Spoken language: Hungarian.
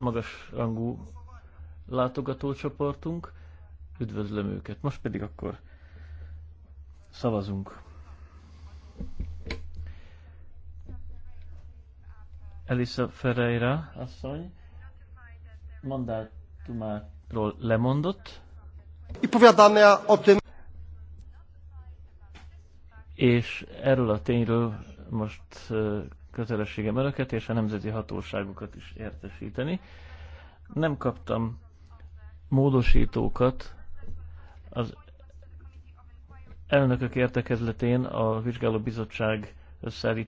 magas rangú látogatócsoportunk. Üdvözlöm őket. Most pedig akkor szavazunk. Elisa Ferreira asszony mandátumáról lemondott. És erről a tényről most kötelességem önöket és a nemzeti hatóságokat is értesíteni. Nem kaptam módosítókat az elnökök értekezletén a vizsgálóbizottság összeállítására.